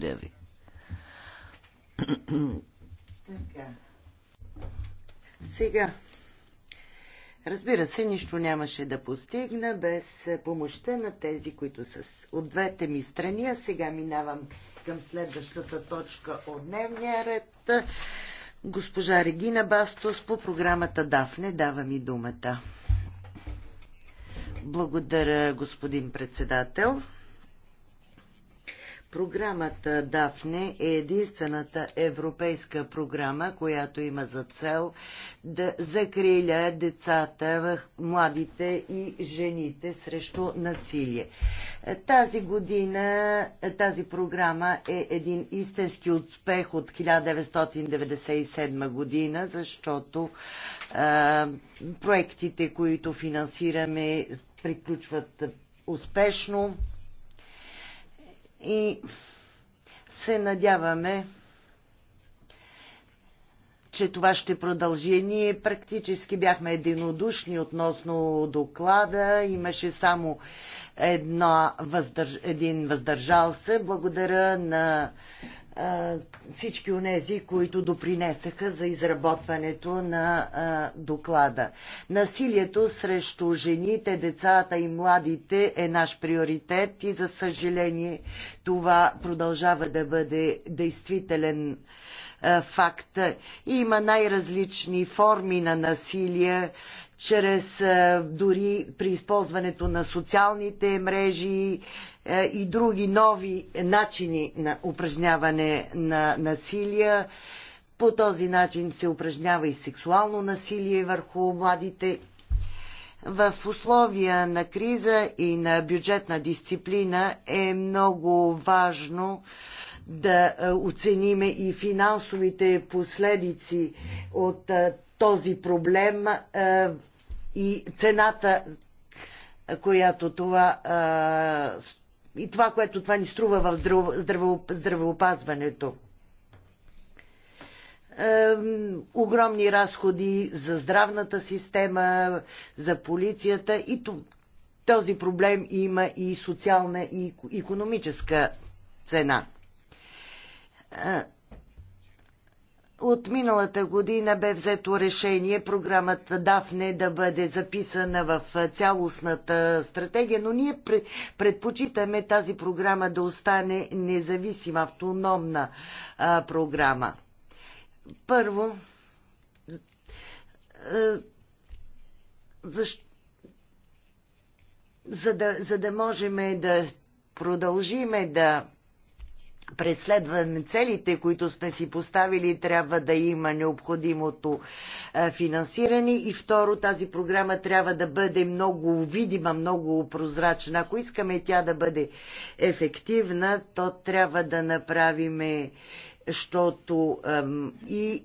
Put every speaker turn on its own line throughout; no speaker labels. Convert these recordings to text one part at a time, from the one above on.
Благодаря ви. Така. Сега. Разбира се, нищо нямаше да постигна без помощта на тези, които са от двете ми страни. А сега минавам към следващата точка от дневния ред. Госпожа Регина Бастос по програмата Дафне дава ми думата. Благодаря, господин председател. Програмата Дафне е единствената европейска програма, която има за цел да закриля децата, младите и жените срещу насилие. Тази година тази програма е един истински успех от 1997 година, защото а, проектите, които финансираме, приключват успешно. И се надяваме, че това ще продължи. Ние практически бяхме единодушни относно доклада. Имаше само едно въздърж... един въздържал се. Благодаря на всички онези, които допринесаха за изработването на а, доклада. Насилието срещу жените, децата и младите е наш приоритет и за съжаление това продължава да бъде действителен а, факт. Има най-различни форми на насилие чрез е, дори при използването на социалните мрежи е, и други нови начини на упражняване на насилие. По този начин се упражнява и сексуално насилие върху младите. В условия на криза и на бюджетна дисциплина е много важно да е, оцениме и финансовите последици от този проблем и цената, която това и това, което това ни струва в здравеопазването. Огромни разходи за здравната система, за полицията и този проблем има и социална и економическа цена. От миналата година бе взето решение програмата Дафне да бъде записана в цялостната стратегия, но ние предпочитаме тази програма да остане независима, автономна а, програма. Първо, защо, за, да, за да можем да продължиме да преследваме целите, които сме си поставили, трябва да има необходимото е, финансиране. И второ, тази програма трябва да бъде много видима, много прозрачна. Ако искаме тя да бъде ефективна, то трябва да направиме защото и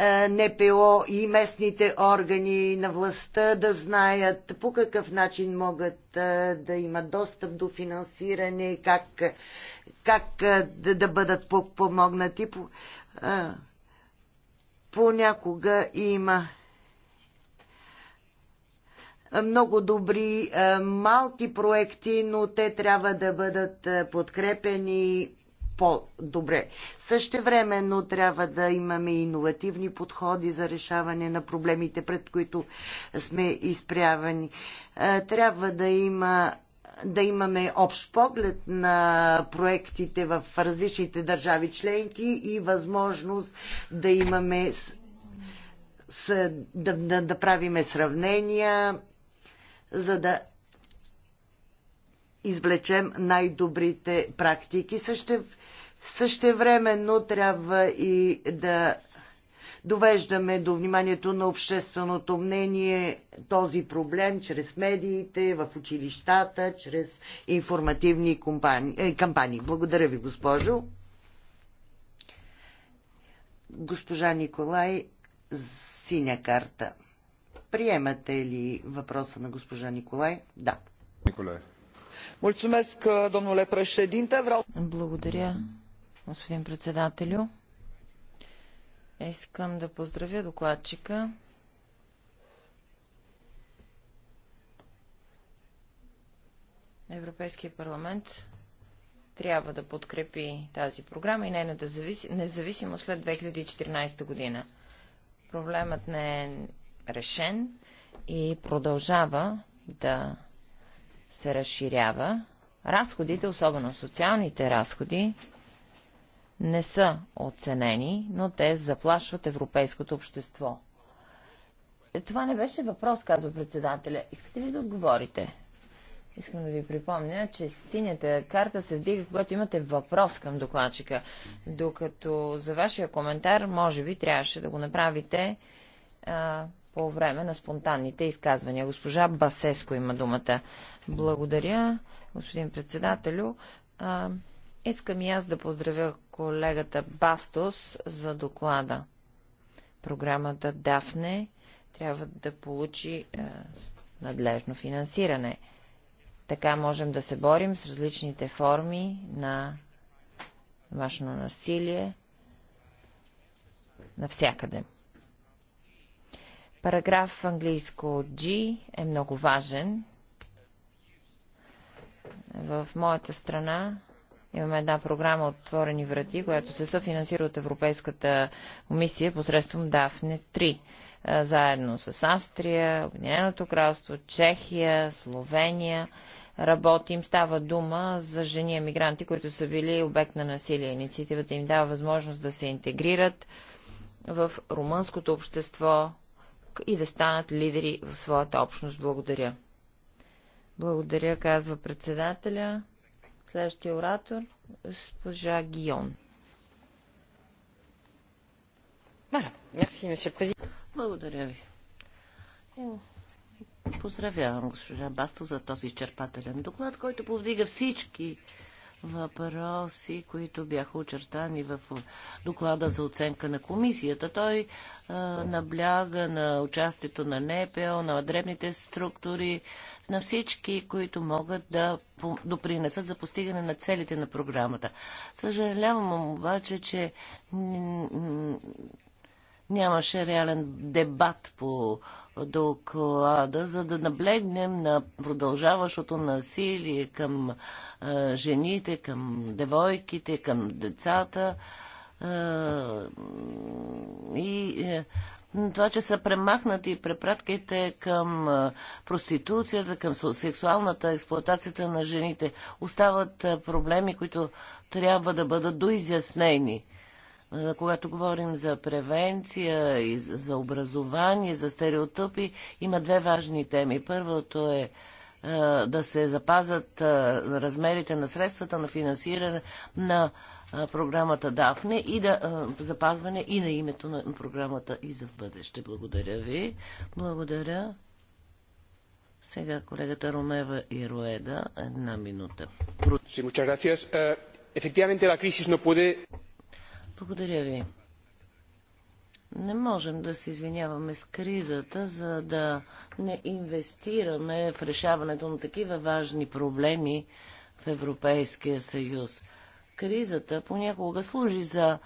е, НПО и местните органи на властта да знаят по какъв начин могат е, да имат достъп до финансиране, как, как е, да, да бъдат помогнати. Понякога има много добри малки проекти, но те трябва да бъдат подкрепени по-добре. но трябва да имаме иновативни подходи за решаване на проблемите, пред които сме изпрявани. Е, трябва да има да имаме общ поглед на проектите в различните държави членки и възможност да имаме да, да, да правиме сравнения, за да извлечем най-добрите практики. Също, същевременно трябва и да довеждаме до вниманието на общественото мнение този проблем чрез медиите, в училищата, чрез информативни е, кампании. Благодаря ви, госпожо. Госпожа Николай, синя карта. Приемате ли въпроса на госпожа Николай? Да. Николай.
Благодаря, господин председателю. Искам да поздравя докладчика. Европейския парламент трябва да подкрепи тази програма и нейната независимост след 2014 година. Проблемът не е решен и продължава да се разширява, разходите, особено социалните разходи, не са оценени, но те заплашват европейското общество. Е, това не беше въпрос, казва председателя. Искате ли да отговорите? Искам да ви припомня, че синята карта се вдига, когато имате въпрос към докладчика, докато за вашия коментар, може би, трябваше да го направите а, по време на спонтанните изказвания. Госпожа Басеско има думата. Благодаря, господин председателю. А, искам и аз да поздравя колегата Бастос за доклада. Програмата Дафне трябва да получи а, надлежно финансиране. Така можем да се борим с различните форми на домашно насилие навсякъде. Параграф английско G е много важен. В моята страна имаме една програма от Отворени врати, която се съфинансира от Европейската комисия посредством Дафне 3 заедно с Австрия, Обединеното кралство, Чехия, Словения. Работим. Става дума за жени емигранти, които са били обект на насилие. Инициативата им дава възможност да се интегрират в румънското общество, и да станат лидери в своята общност. Благодаря. Благодаря, казва председателя. Следващия оратор, госпожа Гион. Благодаря ви.
Е,
поздравявам
госпожа Басто за този изчерпателен доклад, който повдига всички въпроси, които бяха очертани в доклада за оценка на комисията. Той а, е, набляга на участието на НПО, на дребните структури, на всички, които могат да допринесат за постигане на целите на програмата. Съжалявам обаче, че нямаше реален дебат по доклада, за да наблегнем на продължаващото насилие към е, жените, към девойките, към децата. Е, и е, това, че са премахнати препратките към проституцията, към сексуалната експлуатацията на жените, остават проблеми, които трябва да бъдат доизяснени. Е, когато говорим за превенция и за образование, за стереотипи, има две важни теми. Първото е, е да се запазят е, размерите на средствата на финансиране на програмата Дафне и да запазване и на името на програмата и за в бъдеще. Благодаря ви. Благодаря. Сега колегата Ромева и Роеда, една минута. Sí, muchas gracias. Uh, efectivamente la crisis no puede... Благодаря ви. Не можем да се извиняваме с кризата, за да не инвестираме в решаването на такива важни проблеми в Европейския съюз. Кризата понякога служи за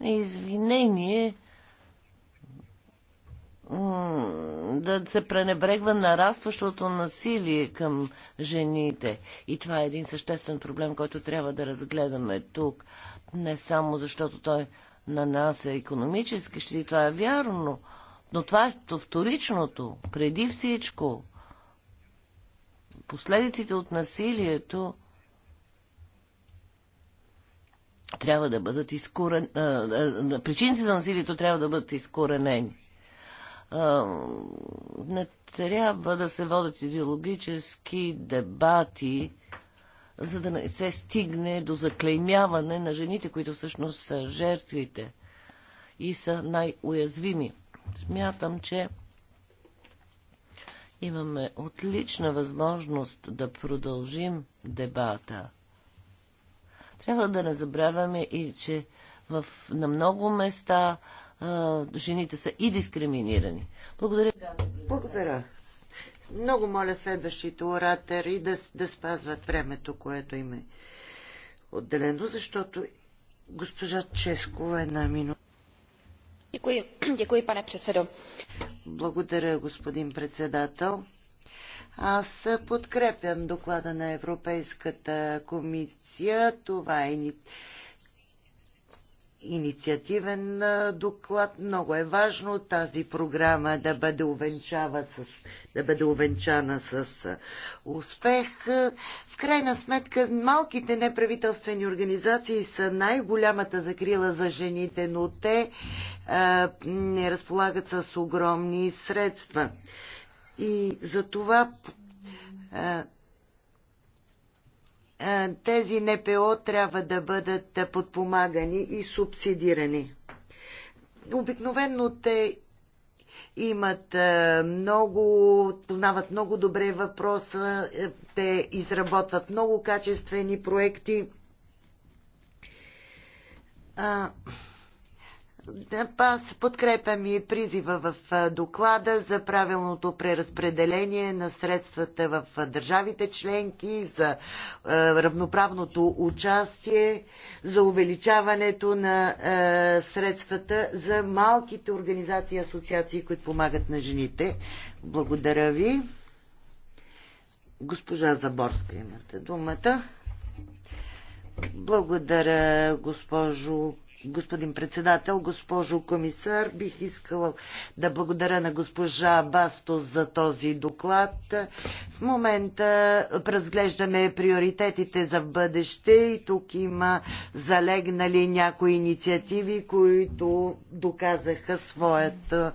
извинение да се пренебрегва нарастващото насилие към жените. И това е един съществен проблем, който трябва да разгледаме тук. Не само защото той на е економически щети, това е вярно, но това е вторичното, преди всичко. Последиците от насилието трябва да бъдат изкорен... Причините за насилието трябва да бъдат изкоренени а, не трябва да се водят идеологически дебати, за да не се стигне до заклеймяване на жените, които всъщност са жертвите и са най-уязвими. Смятам, че имаме отлична възможност да продължим дебата. Трябва да не забравяме и, че в, на много места жените са и дискриминирани.
Благодаря. Благодаря. Много моля следващите оратори да, да спазват времето, което им е отделено, защото госпожа Ческова една минута. Děkuji, pane předsedo. Благодаря, господин председател. Аз подкрепям доклада на Европейската комисия. Това е инициативен доклад. Много е важно тази програма да бъде, увенчава с, да бъде увенчана с успех. В крайна сметка, малките неправителствени организации са най-голямата закрила за жените, но те а, не разполагат с огромни средства. И за това а, тези НПО трябва да бъдат подпомагани и субсидирани. Обикновено те имат много, познават много добре въпроса, е, те изработват много качествени проекти. Аз подкрепям и призива в доклада за правилното преразпределение на средствата в държавите членки, за равноправното участие, за увеличаването на средствата за малките организации и асоциации, които помагат на жените. Благодаря ви. Госпожа Заборска имате думата. Благодаря, госпожо господин председател, госпожо комисар. Бих искала да благодаря на госпожа Бастос за този доклад. В момента разглеждаме приоритетите за бъдеще и тук има залегнали някои инициативи, които доказаха своята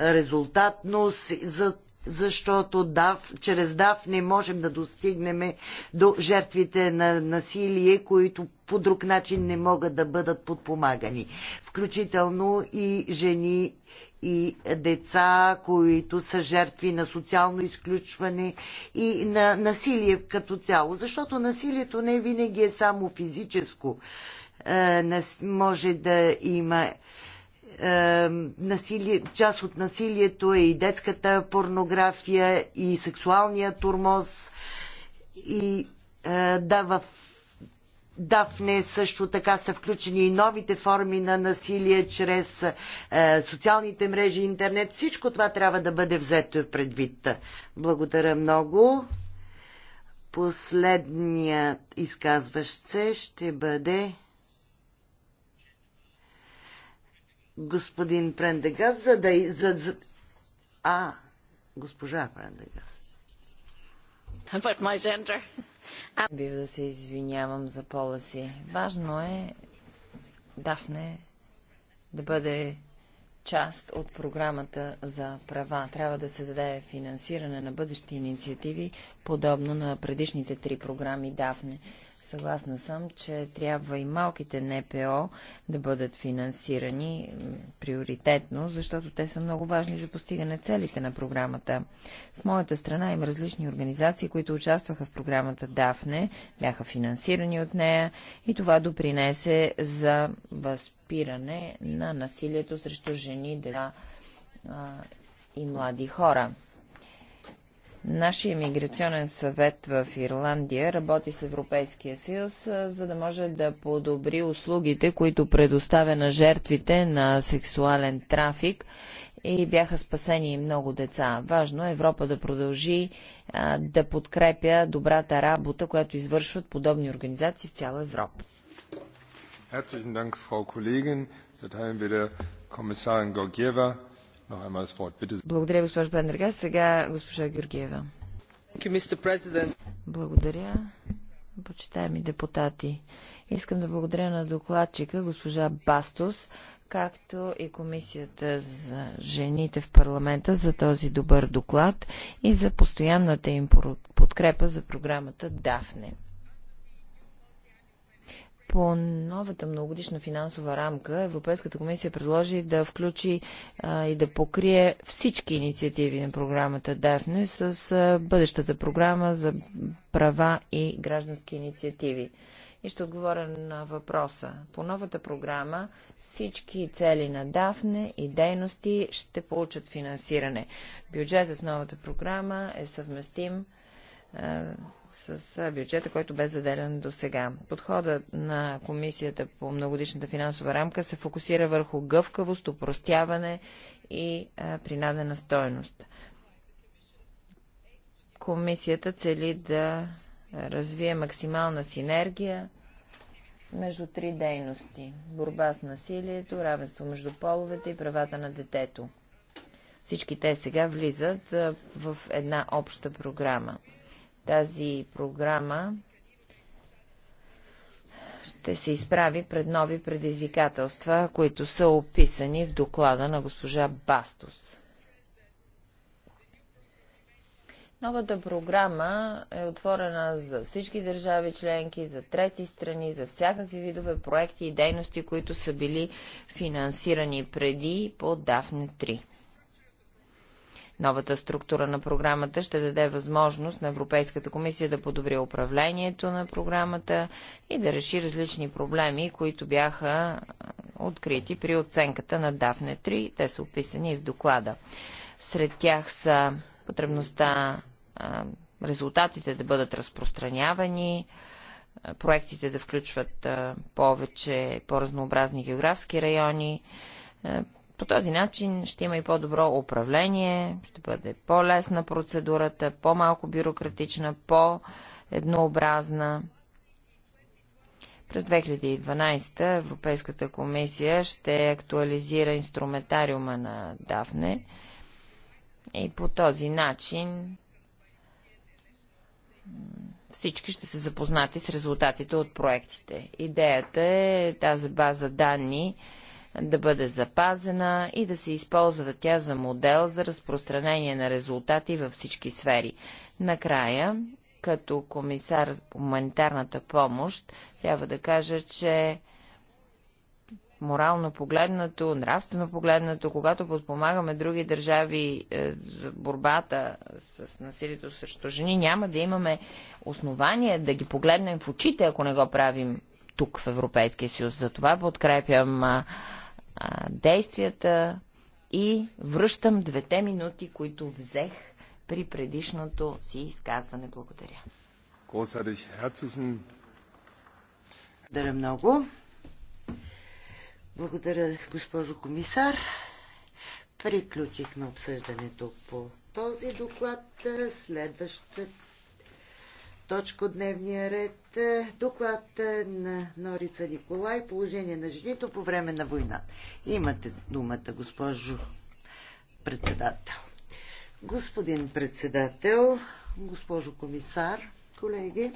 резултатност. За защото ДАВ, чрез ДАВ не можем да достигнем до жертвите на насилие, които по друг начин не могат да бъдат подпомагани. Включително и жени и деца, които са жертви на социално изключване и на насилие като цяло. Защото насилието не винаги е само физическо. Е, може да има насилие, част от насилието е и детската порнография, и сексуалния турмоз, и е, да, в Дафне също така са включени и новите форми на насилие чрез е, социалните мрежи, интернет. Всичко това трябва да бъде взето предвид. Благодаря много. Последният изказващ се ще бъде господин Прендегас, за да... За, за... А, госпожа Прендегас.
But my gender.
Бив да се извинявам за пола си. Важно е Дафне да бъде част от програмата за права. Трябва да се даде финансиране на бъдещи инициативи, подобно на предишните три програми Дафне. Съгласна съм, че трябва и малките НПО да бъдат финансирани приоритетно, защото те са много важни за постигане целите на програмата. В моята страна има различни организации, които участваха в програмата ДАФНЕ, бяха финансирани от нея и това допринесе за възпиране на насилието срещу жени, деца и млади хора. Нашия миграционен съвет в Ирландия работи с Европейския съюз, за да може да подобри услугите, които предоставя на жертвите на сексуален трафик и бяха спасени много деца. Важно е Европа да продължи а, да подкрепя добрата работа, която извършват подобни организации в цяла Европа.
Herzlichen Dank, Frau Kollegin. Erteilen wir der Kommissarin
благодаря, госпожо Пендергас. Сега госпожа Георгиева. Благодаря. Почитаеми депутати, искам да благодаря на докладчика госпожа Бастос, както и Комисията за жените в парламента за този добър доклад и за постоянната им подкрепа за програмата ДАФНЕ. По новата многогодишна финансова рамка Европейската комисия предложи да включи а, и да покрие всички инициативи на програмата ДАФНЕ с а, бъдещата програма за права и граждански инициативи. И ще отговоря на въпроса. По новата програма всички цели на ДАФНЕ и дейности ще получат финансиране. Бюджетът с новата програма е съвместим с бюджета, който бе заделен до сега. Подходът на комисията по многодишната финансова рамка се фокусира върху гъвкавост, упростяване и принадена стойност. Комисията цели да развие максимална синергия между три дейности – борба с насилието, равенство между половете и правата на детето. Всички те сега влизат в една обща програма – тази програма ще се изправи пред нови предизвикателства, които са описани в доклада на госпожа Бастус. Новата програма е отворена за всички държави членки, за трети страни, за всякакви видове проекти и дейности, които са били финансирани преди по Дафне 3. Новата структура на програмата ще даде възможност на Европейската комисия да подобри управлението на програмата и да реши различни проблеми, които бяха открити при оценката на Дафне 3. Те са описани и в доклада. Сред тях са потребността резултатите да бъдат разпространявани, проектите да включват повече по-разнообразни географски райони, по този начин ще има и по-добро управление, ще бъде по-лесна процедурата, по-малко бюрократична, по-еднообразна. През 2012 Европейската комисия ще актуализира инструментариума на Дафне и по този начин всички ще се запознати с резултатите от проектите. Идеята е тази база данни да бъде запазена и да се използва тя за модел за разпространение на резултати във всички сфери. Накрая, като комисар за хуманитарната помощ, трябва да кажа, че морално погледнато, нравствено погледнато, когато подпомагаме други държави е, борбата с насилието срещу жени, няма да имаме основание да ги погледнем в очите, ако не го правим тук в Европейския съюз. Затова подкрепям действията и връщам двете минути, които взех при предишното си изказване. Благодаря.
Благодаря много. Благодаря, госпожо комисар. Приключихме обсъждането по този доклад. Следващата точка от дневния ред. Доклад на Норица Николай. Положение на жените по време на война. Имате думата, госпожо председател. Господин председател, госпожо комисар, колеги,